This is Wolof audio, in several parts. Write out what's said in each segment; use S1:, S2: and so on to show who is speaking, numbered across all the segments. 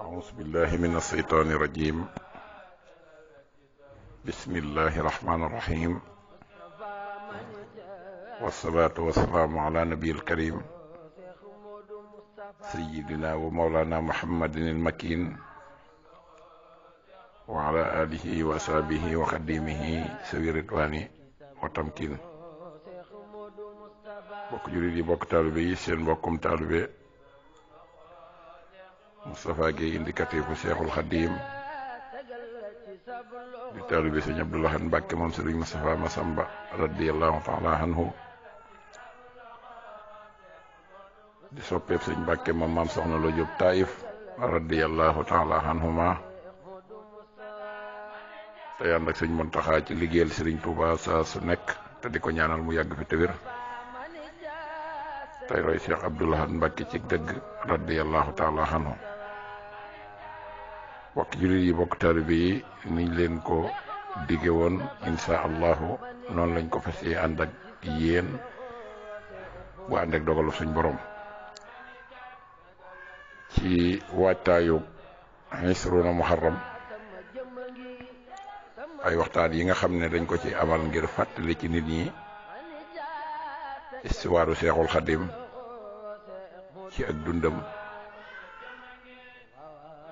S1: أعوذ بالله من الشيطان الرجيم بسم الله الرحمن الرحيم والصلاة والسلام على نبي الكريم سيدنا ومولانا محمد المكين وعلى آله وأصحابه وخديمه سوي رضوان وتمكين bokk jullit yi bokk taalibe yi seen mbokkum taalibe Moustapha Guèye indicatif bu Cheikhul Khadim di taalibe sëñ Abdou Lahad Mbacke moom sëriñ Moustapha Massamba radiyallahu taala anhu di soppeeb sëñ Mbacke moom maam soxna Lo Diop Taïf radiyallahu taala anhuma tey ànd ak sëñ Montaxa ci liggéeyal sëriñ Touba saa su nekk te di ko ñaanal mu yàgg fi te wér tey roy Cheikh Abdou Lahad Mbacke ci dëgg radiyallahu taala anhu bokk jullit yi bokk taalibe yi niñ leen ko digge woon insha allahu noonu lañ ko fas yéene ànd ak yéen bu ànd ak dogalu suñ borom ci waajtaayu xisruna muharram ay waxtaan yi nga xam ne dañ ko ci amal ngir fàttali ci nit ñi istiwaaru seexul xadim ci ak dundam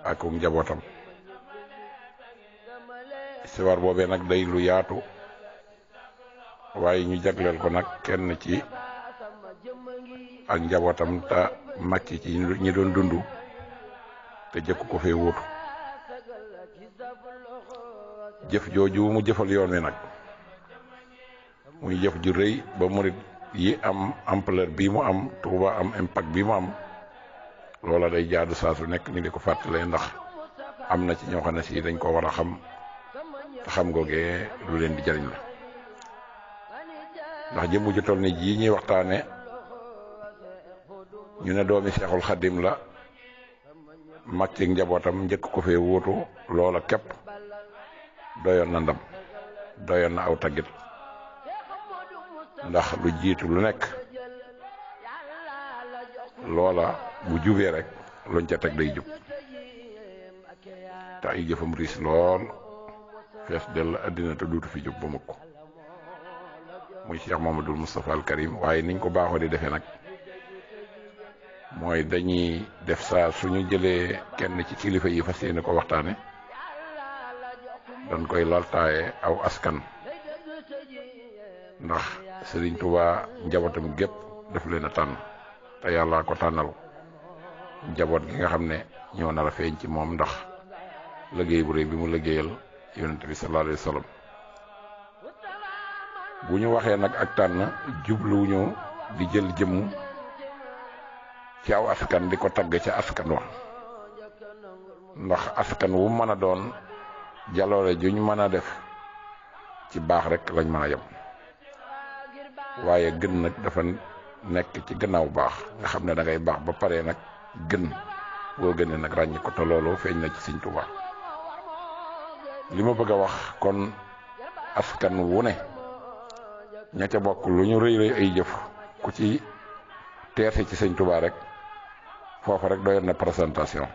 S1: ak njabootam siwaar boobee nag day lu yaatu waaye ñu jagleel ko nag kenn ci ak njabootam te màcc ci ñi doon dund te jëkk ko fee wuutu jëf jooju mu jëfal yoon wi nag muy jëf ju rëy ba murit yi am ampleur bii mu am Tuuba am impact bi mu am loola day jaadu saa su nekk ñu di ko fàttalee ndax am na ci ñoo xam ne si dañ koo war a xam te xam googee lu leen di jariñ la ndax jëmm ju toll ni jii ñuy waxtaane ñu ne doomi seexul xadim la mag ci njabootam njëkk ko fee wuutu loola képp doyoon na ndam doyoon na aw taggit ndax lu jiitu lu nekk loola bu jubee rek luñ ca teg day jub te ay jëfam riis lool fees dell àddina te duutu fi jub ba mukk muy Cheikh Mamadou Moustapha al Karim waaye niñ ko baaxoo di defee nag mooy dañuy def saa suñu jëlee kenn ci kilifa yi fas yéene ko waxtaane dañ koy laltaaye aw askan ndax Serigne Touba njabootam gépp daf leen a tànn te yàllaa ko tànnal jaboot gi nga xam ne ñoo na a feeñ ci moom ndax liggéey bu rëy bi mu liggéeyal yonent bi sallallahu alayhi wa bu ñu waxee nag ak tànn jubluwuñu di jël jëmm ci askan di ko tagg ca askan wa ndax askan wu mën a doon jaloore juñ mën a def ci baax rek lañ mën a yem waaye gën nag dafa nekk ci gannaaw baax nga xam ne dangay baax ba pare nag gën boo gënee nag ràññi ko loolu feeñ na ci Sëñ Tuuba li ma bëgg a wax kon askan wu ne ña ca bokk lu ñu rëy rëy ay jëf ku ci teerse ci Sëñ Tuuba rek foofa rek doyoon na présentation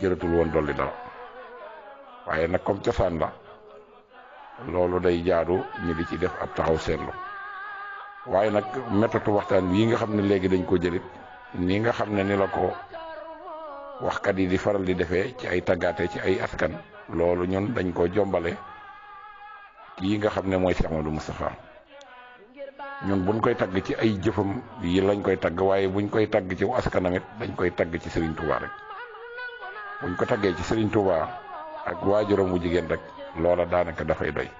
S1: jëratul woon dolli dara waaye nag comme cosaan la loolu day jaadu ñu di ci def ab taxaw seetlu waaye nag méthode waxtaan bii nga xam ne léegi dañ koo jëlit nii nga xam ne ni la ko waxkat yi di faral di defee ci ay tàggaate ci ay askan loolu ñun dañ koo jombale kii nga xam ne mooy du Amadou Moustapha ñun buñ koy tagg ci ay jëfam yi lañ koy tagg waaye buñ koy tagg ci askanamit dañ koy tagg ci Serigne Touba rek buñ ko taggee ci Serigne Touba ak waajuram bu jigéen rek loola daanaka dafay doy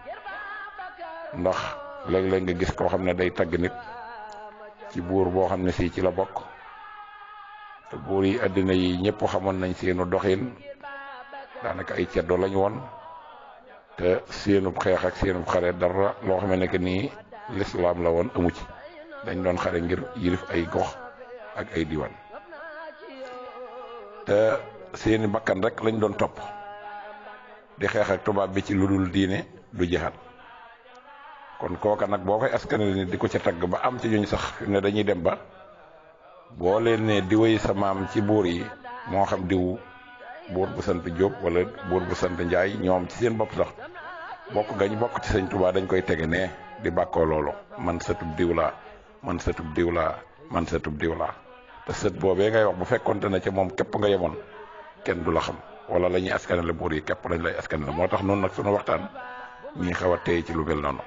S1: ndax léeg-léeg nga gis koo xam ne day tagg nit ci buur boo xam ne sii ci la bokk buur yi àddina yi ñëpp xamoon nañ seenu doxin daanaka ay ceddo lañu woon te seenub xeex ak seenub xare dara loo xam ne que nii lislaam la woon amu ci dañ doon xare ngir yilif ay gox ak ay diwan te seeni bakkan rek lañ doon topp di xeex ak tubaab bi ci lu dul diine du jihad kon kooka nag boo koy askanale ni di ko ci tagg ba am ci ñooñu sax ne dañuy dem ba boo leen nee di wéy sa maam ci buur yi moo xam diwu buur bu sant Jóob wala buur bu sant Njaay ñoom ci seen bopp sax bokk nga ñu bokk ci sëñ tubaa dañ koy tege nee di bàkkoo loolu man sëtub diw laa man sëtub diw laa man sëtub diw laa te sët boobee ngay wax bu fekkoonte na ci moom képp nga yemoon kenn du la xam wala la ñuy askanale buur yi képp lañ lay askanale moo tax noonu nag sunu waxtaan ñuy xaw a téye ci lu mel noonu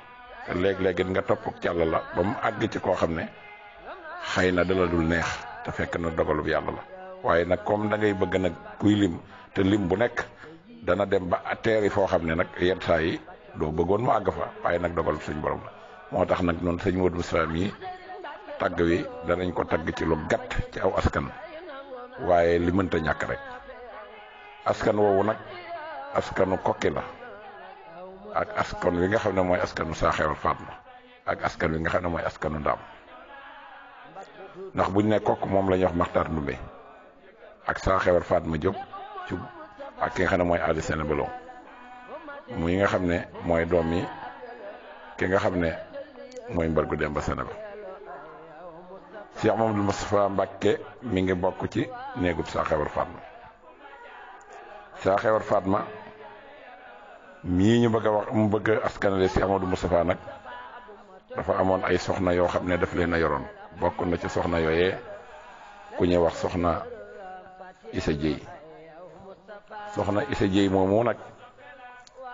S1: te léeg-léeg it nga topp càll la ba mu àgg ci koo xam ne xëy na dala neex te fekk na dogalub yàlla la waaye nag koom da ngay bëgg nag kuy lim te lim bu nekk dana dem ba teeri foo xam ne nag yenn saa yi doo bëggoon mu àgg fa waaye nag dogalub sëñ borom la moo tax nag noon sëñ Modou Moustapha mii tàgg wi danañ ko tagg ci lu gàtt ci aw askan waaye li mënta ñàkk rek askan woowu nag askanu kokki la ak askan wi nga xam ne mooy askanu saaxeewal Fatma ak askan wi nga xam ne mooy askanu ndaam ndax buñ ne kokk moom la ñuy wax Maxtaar Ndumbe ak saa xewar Fatma Diop Thioub ak ki xam ne mooy Aliou Sène Balo muy nga xam ne mooy doom yi ki nga xam ne mooy mbargu Demba Sène ba Cheikh Mamadou Moustapha Mbacke mi ngi bokk ci néegub saa xewar Fatma saa xewar Fatma mii ñu bëgg a wax mu bëgg askanale Cheikh du Moustapha nag dafa amoon ay soxna yoo xam ne daf leen a yoroon. bokk na ci soxna yooyee ku ñuy wax soxna isa jéy soxna isa jéy moomu nag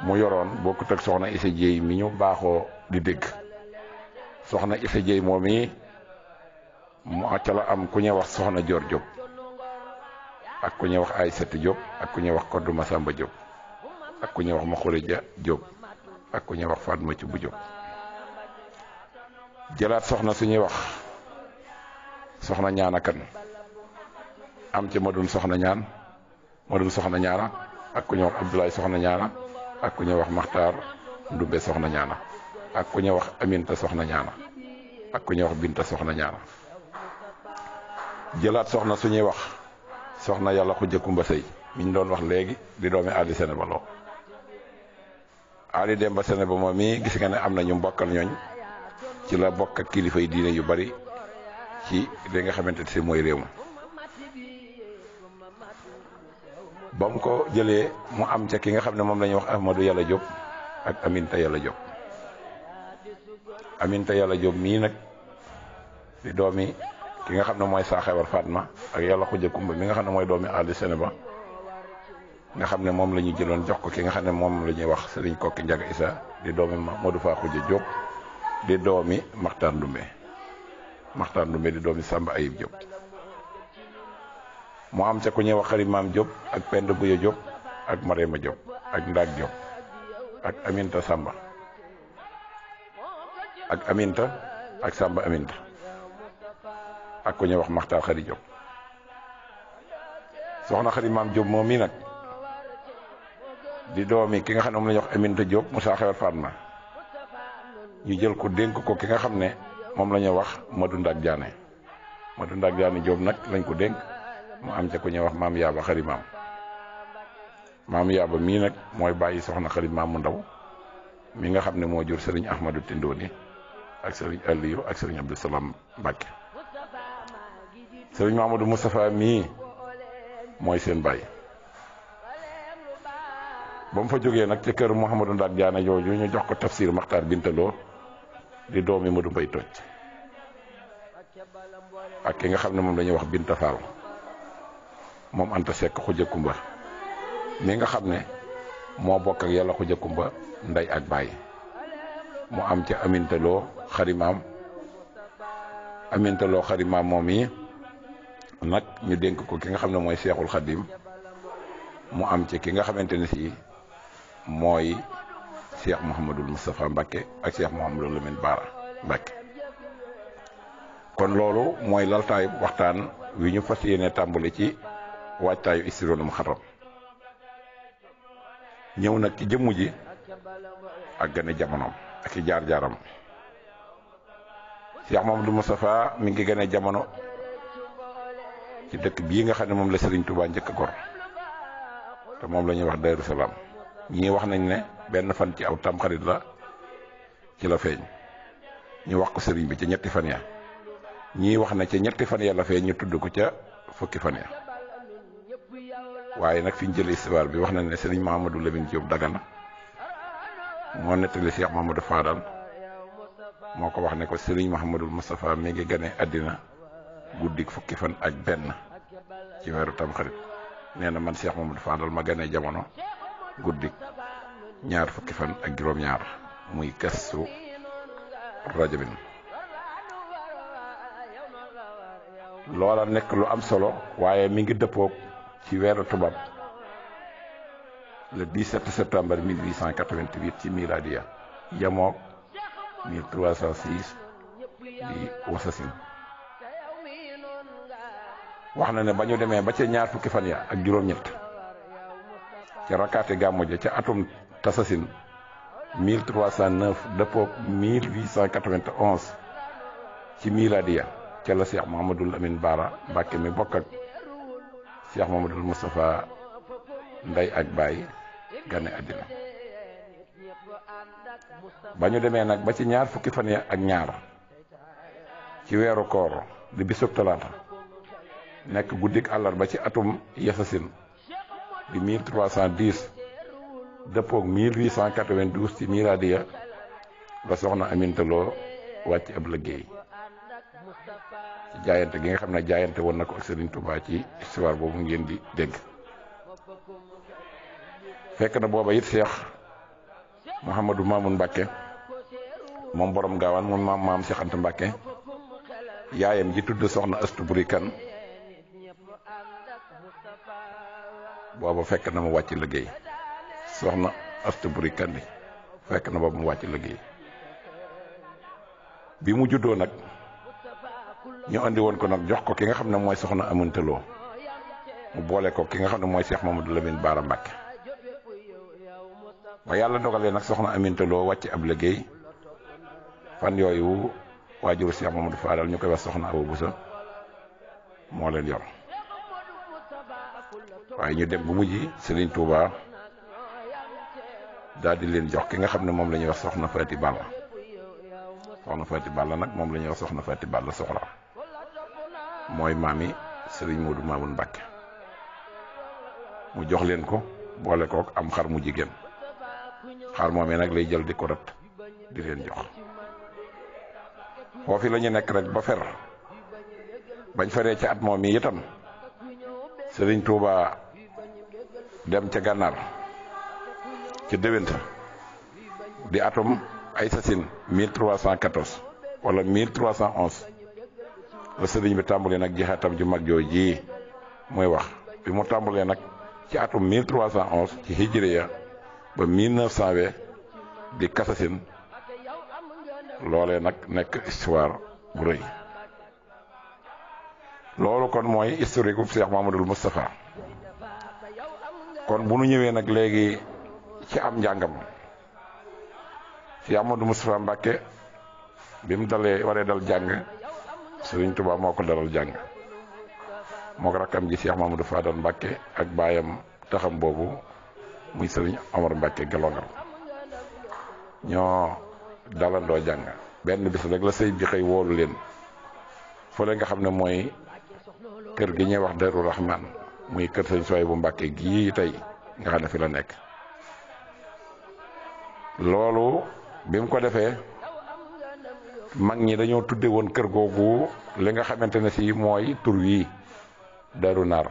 S1: mu yoroon bokkut ak soxna isa jéy mi ñu baaxoo di dégg soxna isa jéy moom yi mu ca la am ku ñuy wax soxna joor Diop ak ku ñuy wax Aysatu Diop ak ku ñuy wax ma Masamba Diop ak ku ñuy wax Maxureja Diop ak ku ñuy wax Fatma ci bu Diop jëlaat soxna su ñuy wax soxna ñaan akan am ci madun soxna ñaan madun soxna ñaana ak ku ñuy wax Abdoulaye soxna ñaana ak ku ñu wax Maxtaar Ndumbe soxna ñaana ak ku ñuy wax Aminta soxna ñaana ku ñuy wax Binta soxna ñaana jëlaat soxna suñuy wax soxna yàlla xujja kumba sëy mi ñu doon wax léegi di doomi Ali Sene ba loo Ali Demba Sene ba moom mii gis nga ne am na ñu mbokkal ñooñ ci la bokk ak kilifa yi diine yu bari ci li nga xamante ne si mooy réew ma ba mu ko jëlee mu am ca ki nga xam ne moom lañuy wax wax Ahmadou Yàlla Diop ak Aminta Yàlla Diop Aminta Yàlla Diop mii nag di doomi ki nga xam ne mooy faat Fatma ak yàlla xuja kumba mi nga xam ne mooy doomi Ali Sénéba nga xam ne moom la ñu jëloon jox ko ki nga xam ne moom la ñuy wax Serigne Kokki Njaga Isa di doomi du Faa Xuja Diop di doomi Maxtaar Ndumbe maxtaan lu mel ni doomi Samba Ayib Diop mu am se ku ñuy wax xarit maam Diop ak Penda Guya Diop ak Marema Diop ak Ndaak Diop ak Aminta Samba ak Aminta ak Samba Aminta ak ku ñuy wax Maxtaar Xari Diop soxna Xari maam Diop moom mii nag di doomi ki nga xam ne moom la ñuy wax Aminta Diop Moussa Xewar ñu jël ko dénk ko ki nga xam ne. moom lañuy wax Madou Ndak Diané Madou Ndak Diané Diop nag lañ ko dénk mu am ca ku ñuy wax maam yaaba xarit maam maam yaaba mii nag mooy bàyyi soxna xarit maam mu ndaw mi nga xam ne moo jur sëriñ Ahmadou Tindooni ak sëriñ Aliyu ak sëriñ Abdou Salam Mbàkke sëriñ Mamadou Moustapha mii mooy seen bàyyi ba mu fa jógee nag ci kër Mouhamadou Ndak Diané jooju ñu jox ko tafsir Maxtaar Bintaloo di doomi Modou Mbaye toj ak ki nga xam ne moom la wax Binta Fall moom Anta Seck Khoudia mi nga xam ne moo bokk ak yàlla Khoudia Koumba ndey ak baay mu am ca amintaloo xarimaam amintaloo xarimaam moom yi nag ñu dénk ko ki nga xam ne mooy Seexul Xadim mu am ci ki nga xamante ne si mooy Cheikh Mouhamadul Moustapha Mbacke ak Cheikh Mouhamadul Lamine Baara Mbacke kon loolu mooy laltaayu waxtaan wi ñu fas yéene tàmbali ci waajtaayu Isroul Muharram ñëw nag ci jëmmu ji ak gane jamonoom ak i jaar-jaaram Cheikh Mouhamadul Moustapha mi ngi gane jamono ci dëkk bii nga xam ne moom la Serigne Touba njëkk a gor te moom la ñuy wax Darou Salaam ñii wax nañ ne. benn fan ci aw tamxarit la ci la feeñ ñu wax ko sëriñ bi ca ñetti fan ya ñii wax na ca ñetti fan ya la feeñ ñu tudd ko ca fukki fan ya waaye nag fi ñu jëlee istibaar bi wax na ne sëriñ Mahamadou Lamine Diop Dagana moo nettali Cheikh Mamadou Fadal moo ko wax ne ko sëriñ Mouhamadou Moustapha mi ngi gane àddina guddik fukki fan ak benn ci weeru tamxarit nee na man Cheikh Mamadou Fadal ma gane jamono guddik ñaar fukki fan ak juróom-ñaar muy kasru rajabin loola nekk lu am solo waaye mi ngi dëppoog ci weeru tubaab le 17 septembre 1888 ci miladiya yamoog 1306 di wasasin wax na ne ba ñu demee ba ca ñaar fukki fan ya ak juróom-ñett ca rakkaati gàmmu ca atum Tassasine 1309 dëppoo 1891 ci miladiya ca la Cheikh Mouhamadul Amin Baara Mbàkke mi bokk ak Cheikh Mouhamadul Moustapha ndey ak baay gane àddina ba ñu demee nag ba ci ñaar fukki fan ya ak ñaar ci weeru koor di bisub talaata nekk guddik àllarba ci atum yasasin di dëppook 1892 ci miladiya la soxna Aminta Lo wàcc ab liggéey ci jaayante gi nga xam ne jaayante woon na ko ak Serigne Touba ci histoire boobu ngeen di dégg fekk na booba it Cheikh Mouhamadou Mamoun Mbacké moom borom gaawaan moom maam maam Cheikh Anta Mbacké yaayam ji tudd soxna Astu Buri Kan booba fekk na mu wàcc liggéey soxna Asta Buri Kandi fekk na boobu mu wàcc liggéey bi mu juddoo nag ñu andi woon ko nag jox ko ki nga xam ne mooy soxna amuntaloo mu boole ko ki nga xam ne mooy Cheikh Mamadou Lamine Baara Mbàkke ba yàlla dogalee nag soxna amintaloo wàcc ab liggéey fan yooyu waajuru Cheikh Mamadou Faadal ñu koy wax soxna Abu Busa moo leen yor waaye ñu dem bu mujj Serigne Touba daal leen jox ki nga xam ne moom la ñuy wax soxna Faati Balla soxna Faati Balla nag moom la ñuy wax soxna Faati Balla soxla mooy maam yi Sëriñ Moodu Maamun Mbàkke mu jox leen ko boole kook am xar mu jigéen xar moomee nag lay jël di ko rat di leen jox foofu la nekk rek ba fer bañ feree ca at moom yi itam Sëriñ Tuuba dem ca gànnaar ci déwénta di atum ay sasin 1314 wala 1311 la sëriñ bi tàmbalee nag jeexatam ju mag jooju ji muy wax bi mu tàmbalee nag ci atum 1311 ci hijriya ba 1920 di kasasin loolee nag nekk histoire bu rëy loolu kon mooy historique bu Cheikh Mamadou Moustapha kon bu nu ñëwee nag léegi. ci am njàngam ci du Moustapha Mbacke bi mu dalee waree dal jàng Serigne Touba moo ko dalal jàng moo ko rakkam gi Cheikh Mamadou Fadal Mbacke ak baayam taxam boobu muy Serigne Omar Mbacke gelongal ñoo dalandoo jàng benn bis rek la sëy bi xëy woolu leen fële nga xam ne mooy kër gi ñuy wax Darou Rahman muy kër sëñ Soy bu Mbacke gii tey nga xam ne fi la nekk loolu bi mu ko defee mag ñi dañoo tudde woon kër googu li nga xamante ne si mooy tur wi daru naar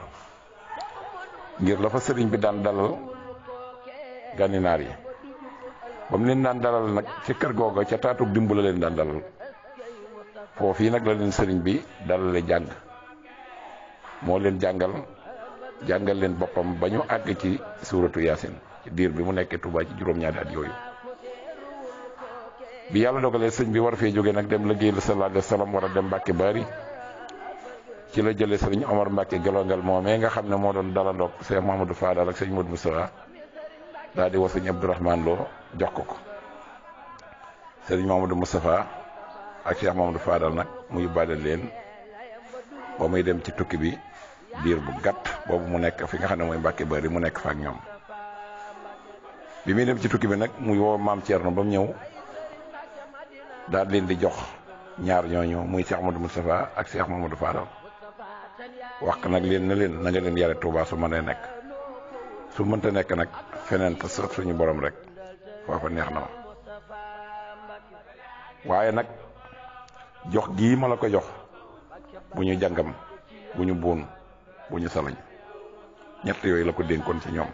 S1: ngir la fa sëriñ bi daan dalal gani naar yi ba mu leen daan dalal nag ci kër googa ca taatu dimbu la leen daan dalal foofu yi nag la leen sëriñ bi dalale jàng moo leen jàngal jàngal leen boppam ba ñu àgg ci suuratu yaasin ci diir bi mu nekkee Tuubaa ci juróom-ñaari at yooyu bi yàlla dogalee sëñ bi war fee jóge nag dem liggéeyal sallallahu alayhi wa sallam war a dem Mbàkke Bari ci la jële jëlee sëñ Omar Mbàkke gelongal moomee nga xam ne moo doon dalandoog sëñ Mouhamadou Fadal ak sëñ Modou Moustapha daal di woo sëñ Abdourahmane Lo jox ko ko sëñ Mouhamadou Moustapha ak Cheikh Mouhamadou nag mu yóbbaale leen ba muy dem ci tukki bi biir bu gàtt boobu mu nekk fi nga xam ne mooy Mbàkke Bari mu nekk fa ak ñoom bi muy dem ci tukki bi nag mu woo maam Thierno ba mu ñëw. daal leen di jox ñaar ñooñu muy Cheikh Amadou Moustapha ak Cheikh Mamadou Fadal wax nag leen na leen na nga leen yare Touba su mënee nekk su mënta nekk nag feneen te soof suñu borom rek foofa neex na ma waaye nag jox gii ma la ko jox bu ñu jàngam bu ñu buun bu ñu salañ ñett yooyu la ko dénkoon ci ñoom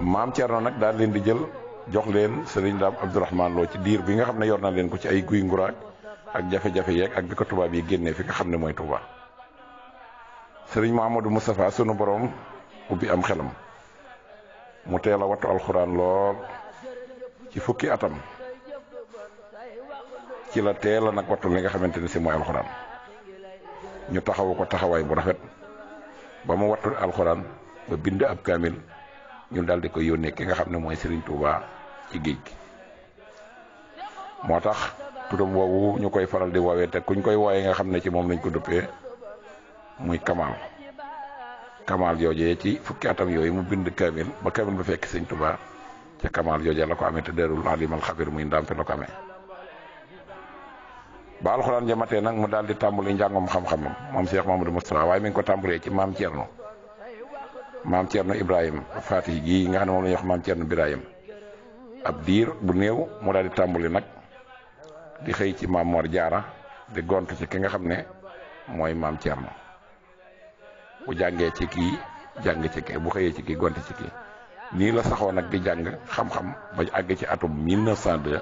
S1: maam Thierno nag daal leen di jël. jox leen sëriñ Daam Abdourahman Lo ci diir bi nga xam ne yor na leen ko ci ay guy nguraag ak jafe-jafe yeeg ak bi ko tubaab yi génnee fi nga xam ne mooy Touba sëriñ Mouhamadou Moustapha sunu borom bi am xelam mu teel a wattu alxuraan lool ci fukki atam ci la teel a nag wattu li nga xamante ne si mooy alxuraan ñu taxawu ko taxawaay bu rafet ba mu wattu alxuraan ba bind ab kaamil ñu daal di ko yónnee ki nga xam ne mooy Serigne Touba ci géej moo tax turam boobu ñu koy faral di woowee te kuñ koy woowee nga xam ne ci moom lañ ko duppee muy Kamal Kamal joojee ci fukki atam yooyu mu bind Kamil ba Kamil ba fekk sëñ tubaa ca Kamal joojee la ko amee te deerul alimal xabir muy ndàmpe la ko amee ba alxuraan ja nag mu daal di tàmbali njàngum xam-xamam moom Cheikh Mamadou Moustapha waaye mi ngi ko tàmbalee ci maam Thierno maam Thierno Ibrahim Fatih gii nga xam ne moom la ñuy ab diir bu néew mu daal di tàmbali nag di xëy ci maam Jaara di gont ci ki nga xam ne mooy maam Thierno bu jàngee ci kii jàng ci kii bu xëyee ci kii gont ci kii nii la saxoo nag di jàng xam-xam ba àgg ci atum 1902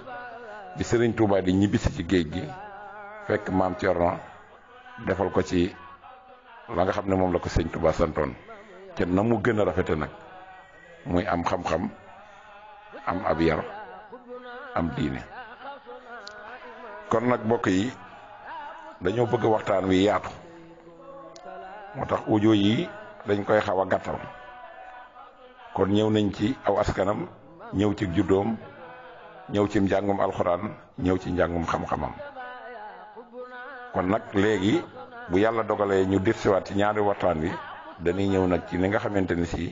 S1: di Serigne tuubaa di ñibbisi ci géej gi fekk maam Thierno defal ko ci la nga xam ne moom la ko sëñ Touba santoon te na mu gën a rafete nag muy am xam-xam. am ab yar am diine kon nag mbokk yi dañoo bëgg waxtaan wi yaatu moo tax audio yi dañ koy xaw a gàttal kon ñëw nañ ci aw askanam ñëw ci juddoom ñëw ci njàngum alxuraan ñëw ci njàngum xam-xamam kon nag léegi bu yàlla dogalee ñu dirsiwaat ci ñaari waxtaan wi dañuy ñëw nag ci ni nga xamante ni si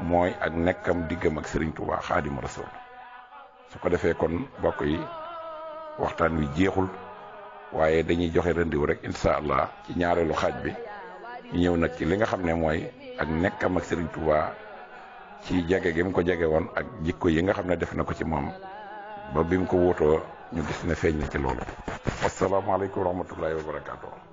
S1: mooy ak nekkam diggam ak Serigne Touba Xaadimu Rasuul su ko defee kon bokk yi waxtaan wi jeexul waaye dañuy joxe rendez-vous rek incha allah ci ñaareelu xaaj bi ñu ñëw nag ci li nga xam ne mooy ak nekkam ak Serigne Touba ci jege gi mu ko jege woon ak jikko yi nga xam ne def na ko ci moom ba bi mu ko wóotoo ñu gis ne feeñ na ci loolu. asalaamaaleykum wa rahmatullahi wa barakaatu.